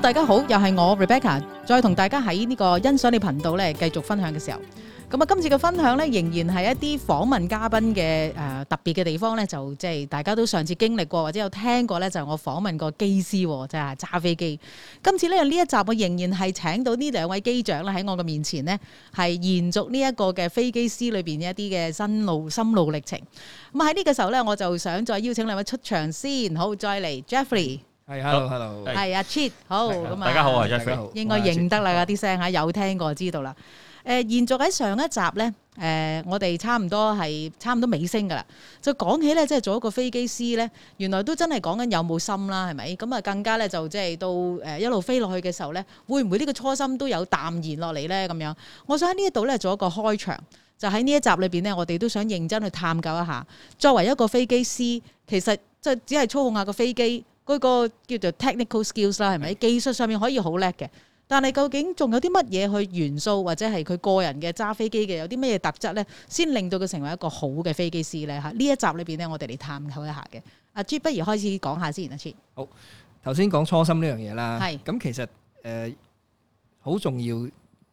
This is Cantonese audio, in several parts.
大家好，又係我 Rebecca，再同大家喺呢個欣賞你頻道咧繼續分享嘅時候，咁啊今次嘅分享咧仍然係一啲訪問嘉賓嘅誒、呃、特別嘅地方咧，就即係大家都上次經歷過或者有聽過咧，就係我訪問過機師就係、是、揸飛機。今次呢呢一集我仍然係請到呢兩位機長咧喺我嘅面前咧，係延續呢一個嘅飛機師裏邊一啲嘅新路心路歷程。咁喺呢個時候呢，我就想再邀請兩位出場先，好再嚟 Jeffrey。hello, hello 係阿 Che 好，hey, hello. so, 大家好啊、uh，Joseph，應該認得啦，啲聲吓有聽過就知道啦。誒、呃，延續喺上一集咧，誒、呃，我哋差唔多係差唔多尾聲噶啦。就講起咧，即係做一個飛機師咧，原來都真係講緊有冇心啦，係咪？咁啊，更加咧就即係到誒一路飛落去嘅時候咧，會唔會呢個初心都有淡然落嚟咧？咁樣，我想喺呢一度咧做一個開場，就喺呢一集裏邊咧，我哋都想認真去探究一下，作為一個飛機師，其實即係只係操控下個飛機。嗰個叫做 technical skills 啦，係咪技術上面可以好叻嘅？但係究竟仲有啲乜嘢去元素，或者係佢個人嘅揸飛機嘅有啲乜嘢特質咧，先令到佢成為一個好嘅飛機師咧？嚇，呢一集裏邊咧，我哋嚟探討一下嘅。阿 G，不如開始講下先啊，先。好，頭先講初心呢樣嘢啦，係咁其實誒好重要，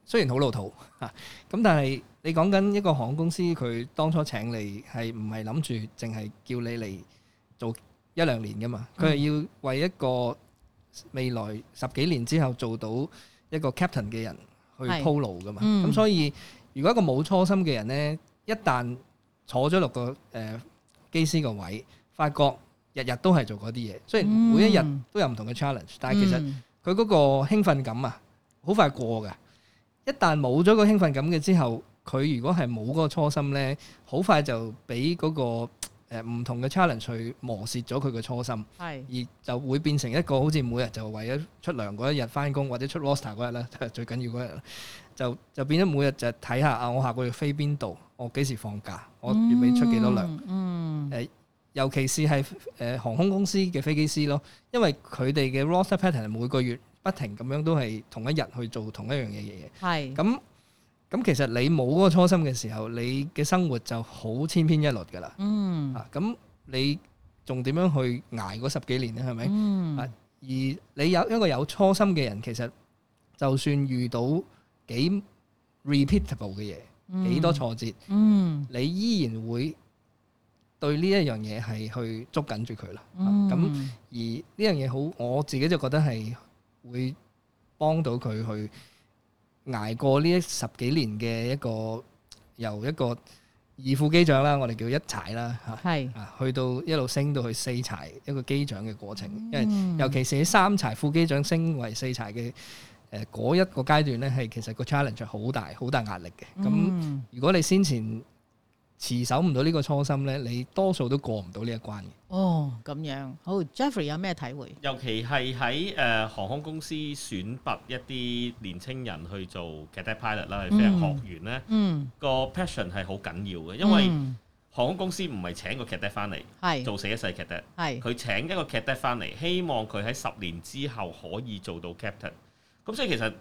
雖然好老土嚇，咁但係你講緊一個航空公司佢當初請你係唔係諗住淨係叫你嚟做？一兩年噶嘛，佢係要為一個未來十幾年之後做到一個 captain 嘅人去鋪路噶嘛。咁、嗯、所以，如果一個冇初心嘅人呢，一旦坐咗六個誒機師個位，發覺日日都係做嗰啲嘢，雖然每一日都有唔同嘅 challenge。嗯、但係其實佢嗰個興奮感啊，好快過㗎。一旦冇咗個興奮感嘅之後，佢如果係冇嗰個初心呢，好快就俾嗰、那個。誒唔、呃、同嘅 challenge，去磨蝕咗佢嘅初心，是而就會變成一個好似每日就為咗出糧嗰一日返工，或者出 roster 嗰日咧，最緊要嗰日，就就變咗每日就睇下啊，我下個月飛邊度，我幾時放假，我月尾出幾多糧。嗯誒、嗯呃，尤其是係誒、呃、航空公司嘅飛機師咯，因為佢哋嘅 roster pattern 係每個月不停咁樣都係同一日去做同一樣嘢嘅嘢。咁是。咁其實你冇嗰個初心嘅時候，你嘅生活就好千篇一律噶啦。嗯，啊，咁你仲點樣去捱嗰十幾年咧？係咪？嗯，啊，而你有一個有初心嘅人，其實就算遇到幾 repeatable 嘅嘢，嗯、幾多挫折，嗯，你依然會對呢一樣嘢係去捉緊住佢啦。咁、嗯啊、而呢樣嘢好，我自己就覺得係會幫到佢去。捱過呢十幾年嘅一個由一個二副機長啦，我哋叫一柴啦嚇，係是啊，去到一路升到去四柴一個機長嘅過程，嗯、因為尤其是三柴副機長升為四柴嘅誒嗰一個階段咧，係其實個 challenge 好大，好大壓力嘅。咁、嗯、如果你先前，持守唔到呢個初心呢，你多數都過唔到呢一關嘅。哦，咁樣好。Jeffrey 有咩體會？尤其係喺誒航空公司選拔一啲年青人去做 cadet pilot 啦、嗯，係飛行學員咧，嗯、個 passion 係好緊要嘅。因為航空公司唔係請個 cadet 翻嚟係做死一世 cadet< 是>，係佢請一個 cadet 翻嚟，希望佢喺十年之後可以做到 captain。咁所以其實。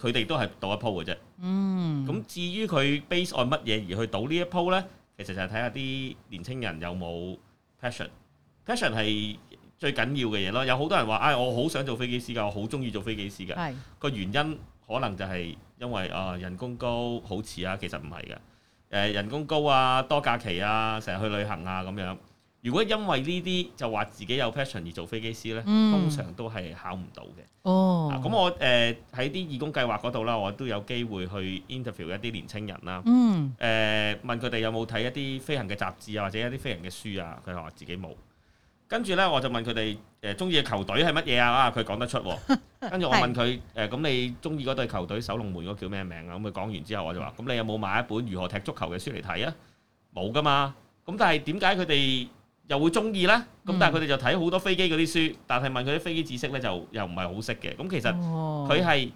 佢哋都係賭一鋪嘅啫。嗯。咁至於佢 base on 乜嘢而去賭呢一鋪呢，其實就係睇下啲年青人有冇 passion，passion 係最緊要嘅嘢咯。有好多人話：唉、哎，我好想做飛機師㗎，我好中意做飛機師㗎。係是。個原因可能就係因為啊、哦、人工高好似啊，其實唔係嘅。誒、呃，人工高啊，多假期啊，成日去旅行啊咁樣。如果因為呢啲就話自己有 passion 而做飛機師呢，嗯、通常都係考唔到嘅。咁、哦啊、我誒喺啲義工計劃嗰度啦，我都有機會去 interview 一啲年青人啦。嗯，呃、問佢哋有冇睇一啲飛行嘅雜誌啊，或者一啲飛行嘅書啊，佢話自己冇。跟住呢，我就問佢哋誒中意嘅球隊係乜嘢啊？啊，佢講得出、啊。跟住我問佢誒咁你中意嗰隊球隊守龍門嗰叫咩名啊？咁佢講完之後，我就話：咁、嗯、你有冇買一本如何踢足球嘅書嚟睇啊？冇噶嘛。咁但係點解佢哋又會中意啦。咁但係佢哋就睇好多飛機嗰啲書，但係問佢啲飛機知識呢，就又唔係好識嘅。咁其實佢係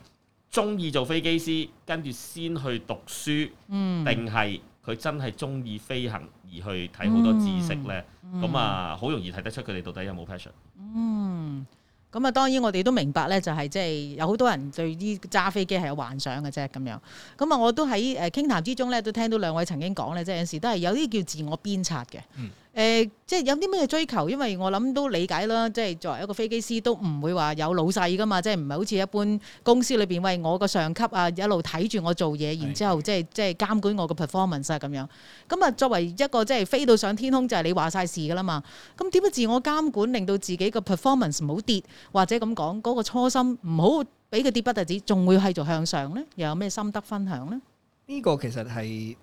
中意做飛機師，跟住先去讀書，定係佢真係中意飛行而去睇好多知識呢？咁、嗯嗯、啊，好容易睇得出佢哋到底有冇 passion。嗯，咁啊，當然我哋都明白呢，就係即係有好多人對啲揸飛機係有幻想嘅啫咁樣。咁啊，我都喺誒傾談之中呢，都聽到兩位曾經講呢，即、就、係、是、有時都係有啲叫自我鞭策嘅。嗯誒、呃，即係有啲咩追求？因為我諗都理解啦，即係作為一個飛機師都唔會話有老細噶嘛，即係唔係好似一般公司裏邊喂我個上級啊一路睇住我做嘢，的然之後即係即係監管我個 performance 咁、啊、樣。咁、嗯、啊，作為一個即係飛到上天空就係、是、你話晒事噶啦嘛。咁，點解自我監管令到自己個 performance 唔好跌，或者咁講嗰個初心唔好俾佢跌不特止，仲會繼續向上呢？又有咩心得分享呢？呢個其實係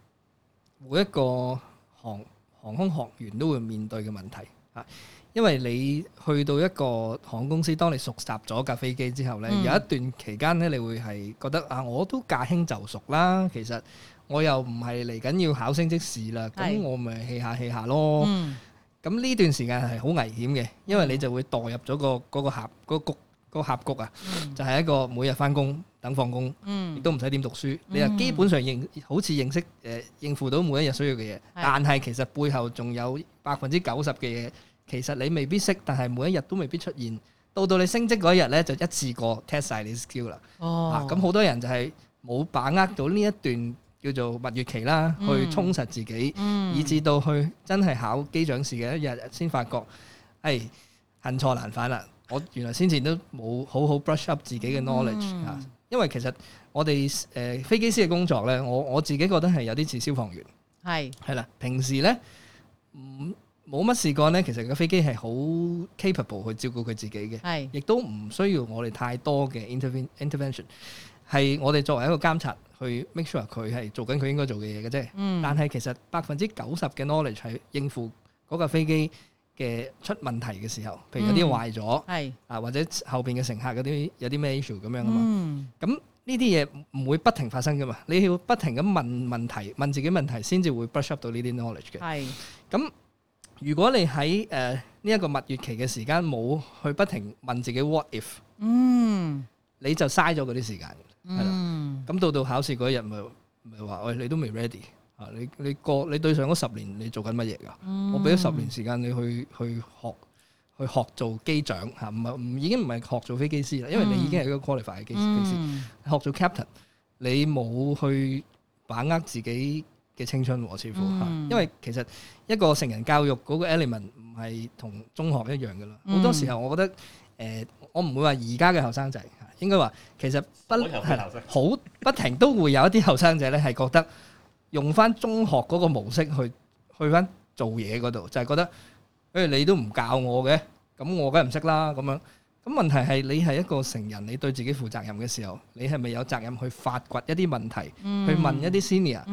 每一個行。航空學員都會面對嘅問題，因為你去到一個航空公司，當你熟習咗架飛機之後咧，嗯、有一段期間咧，你會係覺得啊，我都駕輕就熟啦，其實我又唔係嚟緊要考升職試啦，咁是我咪氣下氣下咯。咁呢、嗯、段時間係好危險嘅，因為你就會墮入咗個嗰、嗰個峽嗰、嗰個、嗰個嗰個、谷嗰個峽谷啊，嗯、就係一個每日返工，等放工，亦都唔使點讀書，嗯、你又基本上認好似認識誒、呃、應付到每一日需要嘅嘢，嗯、但係其實背後仲有百分之九十嘅嘢，其實你未必識，但係每一日都未必出現。到到你升職嗰一日咧，就一次過 test 晒你 skill 啦。哦，咁好、啊、多人就係冇把握到呢一段叫做蜜月期啦，去充實自己，嗯、以至到去真係考機長試嘅一日先發覺，係、哎、恨錯難返啦！我原來先前都冇好好 brush up 自己嘅 knowledge 啊～、嗯因為其實我哋誒、呃、飛機師嘅工作咧，我我自己覺得係有啲似消防員，係係是啦。平時咧，唔冇乜事幹咧。其實個飛機係好 capable 去照顧佢自己嘅，係是亦都唔需要我哋太多嘅 intervene intervention。係我哋作為一個監察去 make sure 佢係做緊佢應該做嘅嘢嘅啫。嗯，但係其實百分之九十嘅 knowledge 係應付嗰架飛機，嘅出問題嘅時候，譬如有啲壞咗，係、嗯、啊或者後邊嘅乘客有啲有啲咩 issue 咁樣啊嘛，咁呢啲嘢唔會不停發生噶嘛，你要不停咁問問題，問自己問題先至會 brush up 到呢啲 knowledge 嘅。係咁是、嗯，如果你喺誒呢一個蜜月期嘅時間冇去不停問自己 what if，嗯，你就嘥咗嗰啲時間，係啦、嗯，咁、嗯嗯、到到考試嗰日咪咪話，喂、哎、你都未 ready。啊！你你過你對上嗰十年你做緊乜嘢㗎？嗯、我俾咗十年時間你去去學去學做機長嚇，唔係唔已經唔係學做飛機師啦，因為你已經係一個 qualify 嘅機師。嗯、學做 captain，你冇去把握自己嘅青春，似乎、嗯、因為其實一個成人教育嗰個 element 唔係同中學一樣㗎啦。好、嗯、多時候，我覺得誒、呃，我唔會話而家嘅後生仔，應該話其實不係好不停都會有一啲後生仔咧係覺得。用翻中學嗰個模式去去翻做嘢嗰度，就係、是、覺得誒、欸、你都唔教我嘅，咁我梗係唔識啦咁樣。咁問題係你係一個成人，你對自己負責任嘅時候，你係咪有責任去發掘一啲問題，嗯、去問一啲 senior，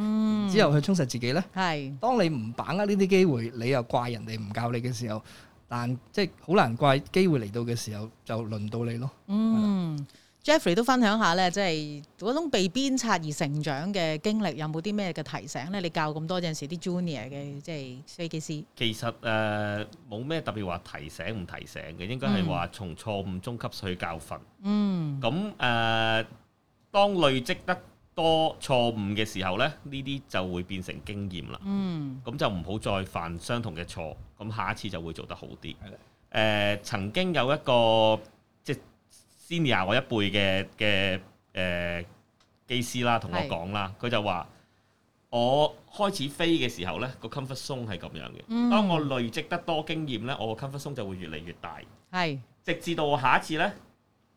之、嗯、後去充實自己呢？係。當你唔把握呢啲機會，你又怪人哋唔教你嘅時候，但即係好難怪機會嚟到嘅時候就輪到你咯。嗯。Jeffrey 都分享下呢，即係嗰種被鞭策而成長嘅經歷，有冇啲咩嘅提醒呢？你教咁多陣時啲 Junior 嘅即係飛機師，就是、其實誒冇咩特別話提醒唔提醒嘅，應該係話從錯誤中吸取教訓。嗯，咁誒、嗯呃、當累積得多錯誤嘅時候呢，呢啲就會變成經驗啦。嗯，咁就唔好再犯相同嘅錯，咁下一次就會做得好啲。係的、呃、曾經有一個、嗯。Senior 我一輩嘅嘅誒機師啦，同我講啦，佢是就話：我開始飛嘅時候呢個 comfort zone 係咁樣嘅。嗯、當我累積得多經驗呢，我個 comfort zone 就會越嚟越大。係是，直至到我下一次呢，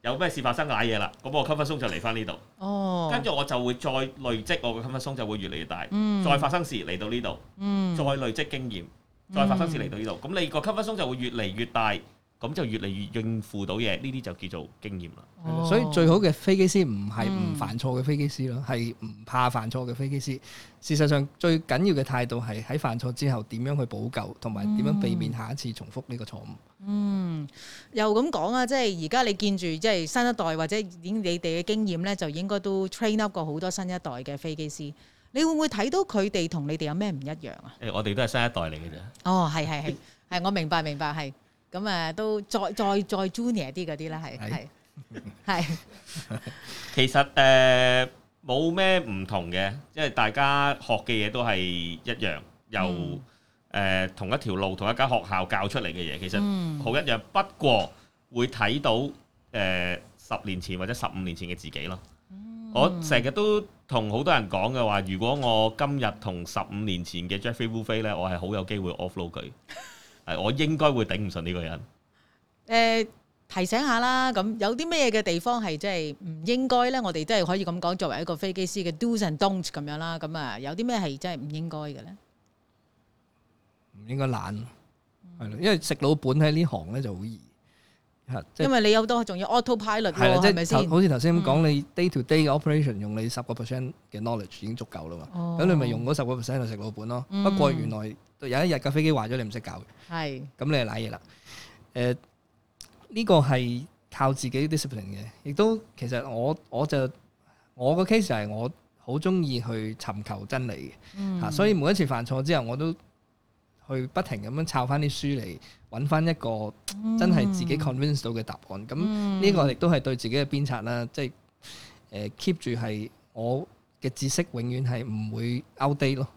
有咩事發生嘅嘢啦，咁我、個、comfort zone 就嚟翻呢度。哦，跟住我就會再累積我嘅 comfort zone 就會越嚟越大。嗯、再發生事嚟到呢度，嗯、再累積經驗，再發生事嚟到呢度，咁、嗯、你個 comfort zone 就會越嚟越大。咁就越嚟越應付到嘢，呢啲就叫做經驗啦。哦、所以最好嘅飛機師唔係唔犯錯嘅飛機師咯，係唔、嗯、怕犯錯嘅飛機師。事實上最緊要嘅態度係喺犯錯之後點樣去補救，同埋點樣避免下一次重複呢個錯誤。嗯，又咁講啊！即係而家你見住即係新一代，或者你哋嘅經驗呢，就應該都 train up 過好多新一代嘅飛機師。你會唔會睇到佢哋同你哋有咩唔一樣啊、欸？我哋都係新一代嚟嘅啫。哦，係係係，係我明白 明白係。咁誒、啊、都再再再 junior 啲嗰啲啦，係係係。其實誒冇咩唔同嘅，因為大家學嘅嘢都係一樣，嗯、由誒、呃、同一條路同一間學校教出嚟嘅嘢，其實好一樣。嗯、不過會睇到誒十、呃、年前或者十五年前嘅自己咯。嗯、我成日都同好多人講嘅話，如果我今日同十五年前嘅 Jeffrey Wufei 咧，我係好有機會 offload 佢。 我應該會頂唔順呢個人。誒、呃，提醒下啦，咁有啲咩嘅地方係即係唔應該咧？我哋都係可以咁講，作為一個飛機師嘅 do and don’t 咁樣啦。咁啊，有啲咩係真係唔應該嘅咧？唔應該懶，係因為食老本喺呢行咧就好易。因為你有多，仲要 auto pilot 的。係啦的，係咪先？好似頭先咁講，嗯、你 day to day 嘅 operation 用你十個 percent 嘅 knowledge 已經足夠啦嘛。咁、哦、你咪用嗰十個 percent 去食老本咯。嗯、不過原來。有一日架飛機壞咗，是你唔識搞嘅，係咁你係揦嘢啦。誒、這、呢個係靠自己 discipline 嘅，亦都其實我我就我個 case 係我好中意去尋求真理嘅，嚇、嗯啊。所以每一次犯錯之後，我都去不停咁樣抄翻啲書嚟揾翻一個真係自己 convince 到嘅答案。咁呢、嗯嗯、個亦都係對自己嘅鞭策啦，即係誒 keep 住係我嘅知識永遠係唔會 outdate 咯。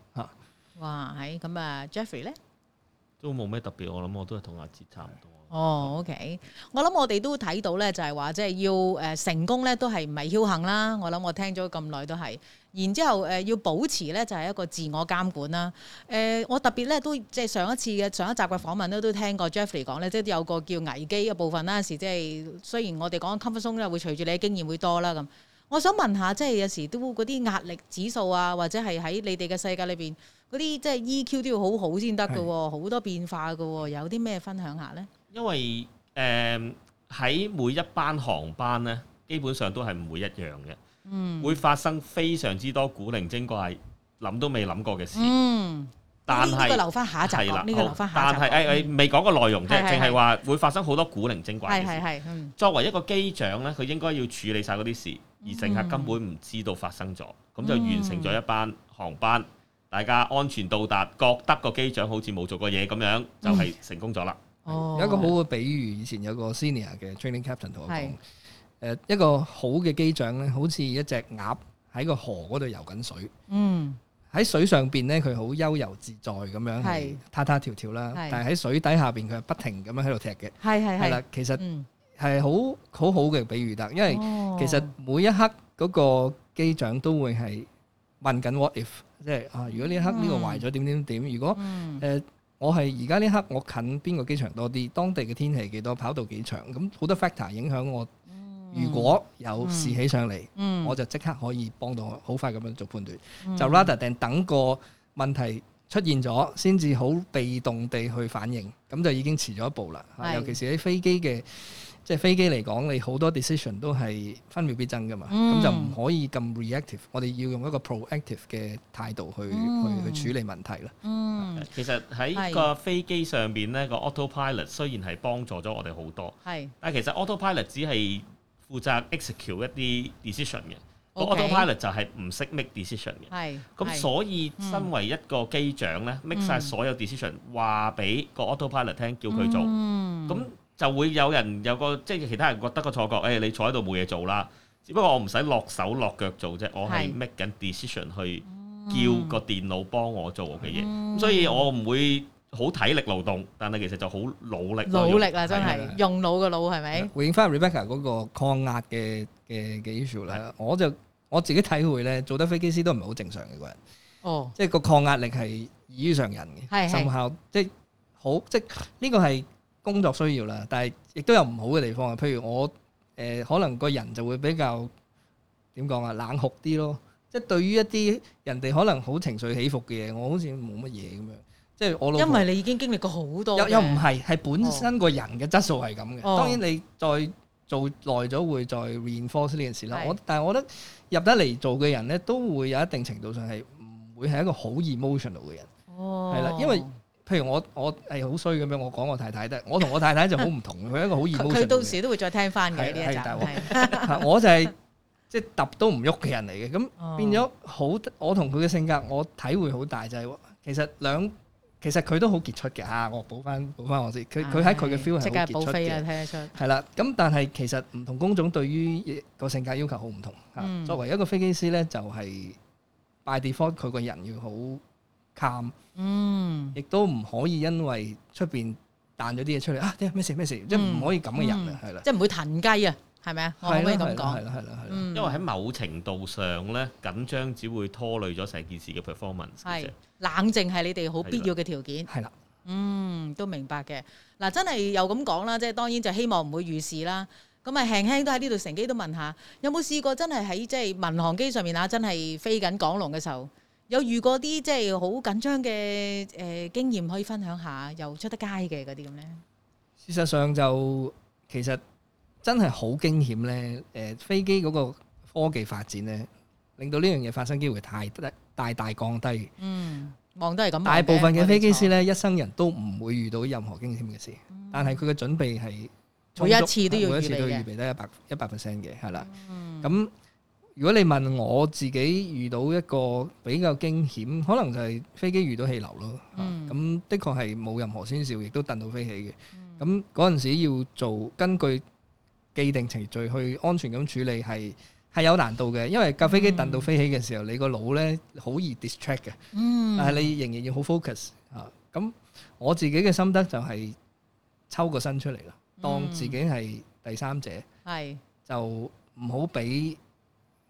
哇，喺咁啊，Jeffrey 咧都冇咩特別，我諗我都係同阿哲差唔多。哦，OK，我諗我哋都睇到咧，就係話即係要誒成功咧，都係唔係僥幸啦。我諗我聽咗咁耐都係，然之後誒、呃、要保持咧，就係、是、一個自我監管啦。誒、呃，我特別咧都即係、就是、上一次嘅上一集嘅訪問咧，都聽過 Jeffrey 講咧，即、就、係、是、有個叫危機嘅部分啦。有時即係雖然我哋講 comfort zone 咧，會隨住你嘅經驗會多啦咁。我想問下，即、就、係、是、有時都嗰啲壓力指數啊，或者係喺你哋嘅世界裏邊。嗰啲即係 EQ 都要好好先得㗎，好多變化㗎，有啲咩分享下呢？因為誒喺每一班航班呢，基本上都係唔會一樣嘅，嗯，會發生非常之多古靈精怪、諗都未諗過嘅事。嗯，但係呢個留翻下一集講，但係誒未講個內容啫，淨係話會發生好多古靈精怪。係係，作為一個機長呢，佢應該要處理晒嗰啲事，而乘客根本唔知道發生咗，咁就完成咗一班航班。大家安全到達，覺得個機長好似冇做過嘢咁樣，就係成功咗啦。有一個好嘅比喻，以前有個 senior 嘅 training captain 同我講，誒一個好嘅機長咧，好似一隻鴨喺個河嗰度游緊水。嗯，喺水上邊咧，佢好悠遊自在咁樣，係踏踏跳跳啦。但係喺水底下邊，佢係不停咁樣喺度踢嘅。係係係啦，其實係好好好嘅比喻得，因為其實每一刻嗰個機長都會係。問緊 what if，即係啊，如果呢一刻呢個壞咗點點點？如果誒、嗯呃、我係而家呢刻我近邊個機場多啲，當地嘅天氣幾多，跑道幾長，咁好多 factor 影響我。嗯、如果有事起上嚟，嗯、我就即刻可以幫到我，好快咁樣做判斷，嗯、就 rather than 等個問題出現咗先至好被動地去反應，咁就已經遲咗一步啦。的尤其是喺飛機嘅。即係飛機嚟講，你好多 decision 都係分秒必爭噶嘛，咁就唔可以咁 reactive。我哋要用一個 proactive 嘅態度去去去處理問題啦。嗯，其實喺個飛機上邊咧，個 autopilot 雖然係幫助咗我哋好多，係，但其實 autopilot 只係負責 execute 一啲 decision 嘅，個 autopilot 就係唔識 make decision 嘅。係，咁所以身為一個機長呢，make 晒所有 decision 話俾個 autopilot 聽，叫佢做，咁。就會有人有個即係其他人覺得個錯覺，誒你坐喺度冇嘢做啦。只不過我唔使落手落腳做啫，我係 make 緊 decision 去叫個電腦幫我做嘅嘢。嗯、所以我唔會好體力勞動，但係其實就好努力，努力啦，真係用腦嘅腦係咪？回應翻 Rebecca 嗰個抗壓嘅嘅嘅 issue 我就我自己體會呢，做得飛機師都唔係好正常嘅個人，哦，即係個抗壓力係異於常人嘅，生效即係好即係呢個係。工作需要啦，但係亦都有唔好嘅地方啊。譬如我誒、呃，可能個人就會比較點講啊，冷酷啲咯。即係對於一啲人哋可能好情緒起伏嘅嘢，我好似冇乜嘢咁樣。即係我因為你已經經歷過好多，又唔係係本身個人嘅質素係咁嘅。哦、當然你再做耐咗會再 reinforce 呢件事啦。哦、我但係我覺得入得嚟做嘅人咧，都會有一定程度上係唔會係一個好 emotional 嘅人。哦，係啦，因為。譬如我我係好衰咁樣，我講我，我太太得，我同我太太就好唔同，佢 一個好 emotion 佢到時都會再聽翻嘅呢，係我就係即係揼都唔喐嘅人嚟嘅，咁變咗好。哦、我同佢嘅性格，我體會好大，就係、是、其實兩其實佢都好傑出嘅嚇。我補翻補翻我先，佢佢喺佢嘅 feel 係好傑出嘅，睇得出。係啦，咁但係其實唔同工種對於個性格要求好唔同嚇。嗯、作為一個飛機師咧，就係、是就是、by default 佢個人要好。嗯，亦都唔可以因為面出邊彈咗啲嘢出嚟啊！啲咩事咩事，事嗯、即係唔可以咁嘅人啊，係啦、嗯嗯，即係唔會騰雞啊，係咪啊？我可以咁講，係啦係啦，因為喺某程度上咧緊張只會拖累咗成件事嘅 performance，係冷靜係你哋好必要嘅條件，係啦的，的嗯，都明白嘅。嗱、啊，真係又咁講啦，即係當然就希望唔會遇事啦。咁啊輕輕都喺呢度乘機都問下，有冇試過真係喺即係民航機上面啊，真係飛緊港龍嘅時候？有遇過啲即係好緊張嘅誒經驗可以分享下，又出得街嘅嗰啲咁咧？事實上就其實真係好驚險咧。誒、呃、飛機嗰個科技發展咧，令到呢樣嘢發生機會太大，大大降低。嗯，望都係咁。大部分嘅飛機師咧，一生人都唔會遇到任何驚險嘅事，嗯、但係佢嘅準備係每一次都要每一次都要預備得一百一百分百嘅，係啦。嗯，咁、嗯。如果你問我自己遇到一個比較驚險，可能就係飛機遇到氣流咯，咁、嗯、的確係冇任何先兆，亦都揈到飛起嘅。咁嗰陣時要做根據既定程序去安全咁處理，係係有難度嘅，因為架飛機揈到飛起嘅時候，嗯、你個腦咧好易 distract 嘅，嗯、但係你仍然要好 focus 嚇。咁、啊、我自己嘅心得就係抽個身出嚟啦，當自己係第三者，係、嗯、就唔好俾。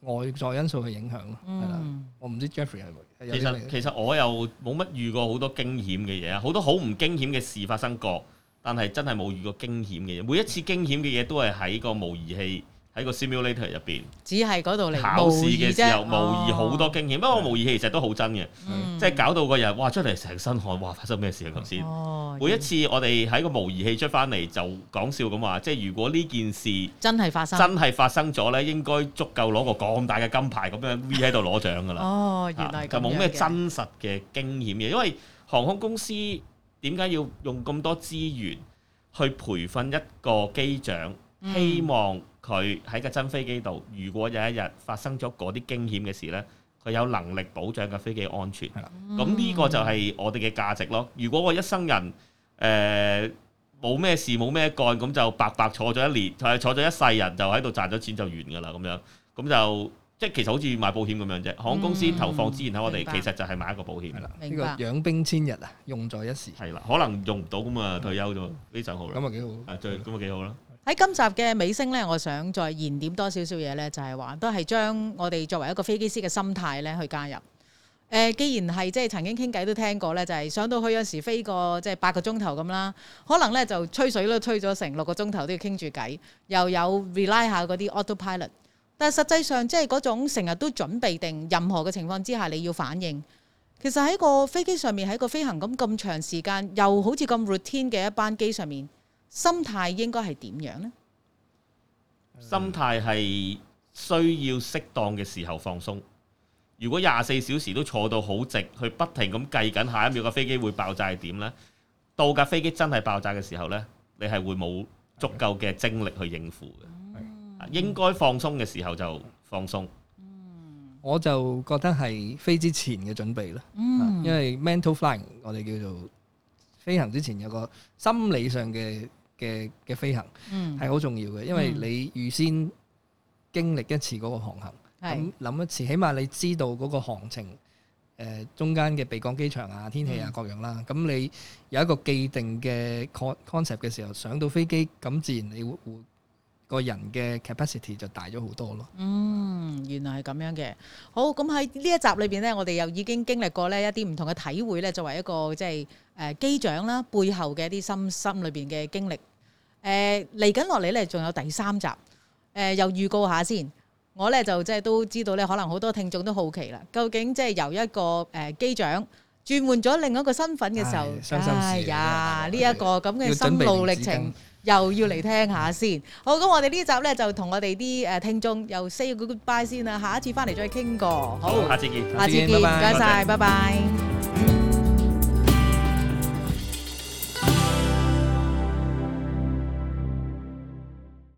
外在因素嘅影響咯，係啦、嗯，我唔知 Jeffrey 係咪。其實其實我又冇乜遇過好多驚險嘅嘢，好多好唔驚險嘅事發生過，但係真係冇遇過驚險嘅嘢。每一次驚險嘅嘢都係喺個模擬器。喺個 simulator 入邊，只係嗰度嚟考試嘅時候，哦、模擬好多驚險。不過模擬器其實都好真嘅，嗯、即係搞到個人哇出嚟成身汗，哇發生咩事啊？頭先、嗯哦、每一次我哋喺個模擬器出翻嚟就講笑咁話，即係如果呢件事真係發生，真係發生咗咧，嗯、應該足夠攞個咁大嘅金牌咁樣 v 喺度攞獎噶啦。哦，是原來就冇咩真實嘅驚險嘅，因為航空公司點解要用咁多資源去培訓一個機長？希望佢喺個真飛機度，如果有一日發生咗嗰啲驚險嘅事呢，佢有能力保障個飛機安全。咁呢個就係我哋嘅價值咯。如果我一生人冇咩事冇咩幹，咁就白白坐咗一年，坐咗一世人就喺度賺咗錢就完㗎啦。咁樣咁就即係其實好似買保險咁樣啫。航空公司投放資源喺我哋，其實就係買一個保險㗎啦。養兵千日啊，用在一時。係啦，可能用唔到咁啊，退休咗非常好啦。咁啊幾好咁啊幾好啦。喺今集嘅尾聲呢，我想再延點多少少嘢呢，就係、是、話都係將我哋作為一個飛機師嘅心態呢去加入。呃、既然係即係曾經傾偈都聽過呢，就係、是、上到去有時飛個即係八個鐘頭咁啦，可能呢就吹水都吹咗成六個鐘頭都要傾住偈，又有 rely 下嗰啲 autopilot。但係實際上即係嗰種成日都準備定任何嘅情況之下你要反應，其實喺個飛機上面喺個飛行咁咁長時間，又好似咁 routine 嘅一班機上面。心態應該係點樣呢？心態係需要適當嘅時候放鬆。如果廿四小時都坐到好直，去不停咁計緊下一秒個飛機會爆炸係點呢？到架飛機真係爆炸嘅時候呢，你係會冇足夠嘅精力去應付嘅。係。應該放鬆嘅時候就放鬆。我就覺得係飛之前嘅準備啦。嗯，因為 mental flying 我哋叫做飛行之前有個心理上嘅。嘅嘅飛行，嗯，係好重要嘅，因為你預先經歷一次嗰個航行，係諗、嗯、一次，起碼你知道嗰個航程、呃，中間嘅備降機場啊、天氣啊、嗯、各樣啦。咁你有一個既定嘅 concept 嘅時候，上到飛機咁，自然你會個人嘅 capacity 就大咗好多咯。嗯，原來係咁樣嘅。好，咁喺呢一集裏邊呢，我哋又已經經歷過呢一啲唔同嘅體會呢，作為一個即係誒機長啦，背後嘅一啲心心裏邊嘅經歷。誒嚟緊落嚟咧，仲、呃、有第三集，誒、呃、又預告下先。我咧就即係都知道咧，可能好多聽眾都好奇啦。究竟即係由一個誒、呃、機長轉換咗另一個身份嘅時候，哎唉呀，呢一個咁嘅心路歷程，要又要嚟聽下先。好，咁我哋呢集咧就同我哋啲誒聽眾又 say goodbye 先啦。下一次翻嚟再傾過。好，好，下次見，下次見，唔該晒，拜拜。謝謝，拜拜。